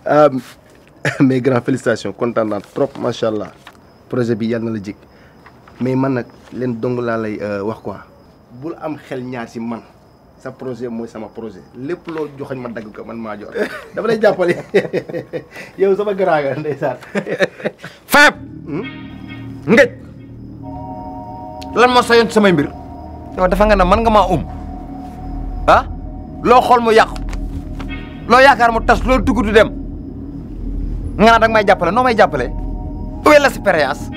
mais um, grand félicitations content naa trop machallah allah projet bi yalla na la jig mais man nak len dong la lay euh, wax quoi bul am xel ñaar ci man sa projet moy sama projet lepp lo joxagn ma dag ko man maa jox dafa lay jàppale yow sama graga nga Fab hmm? ngëj lan mo sayon sama mbir yow dafa nga na man nga ma um ha ah? lo xol mu yak. Lo yakar mu tass lo dugg dem nga naan danga may jàppale noo may jàppale où la l'expérience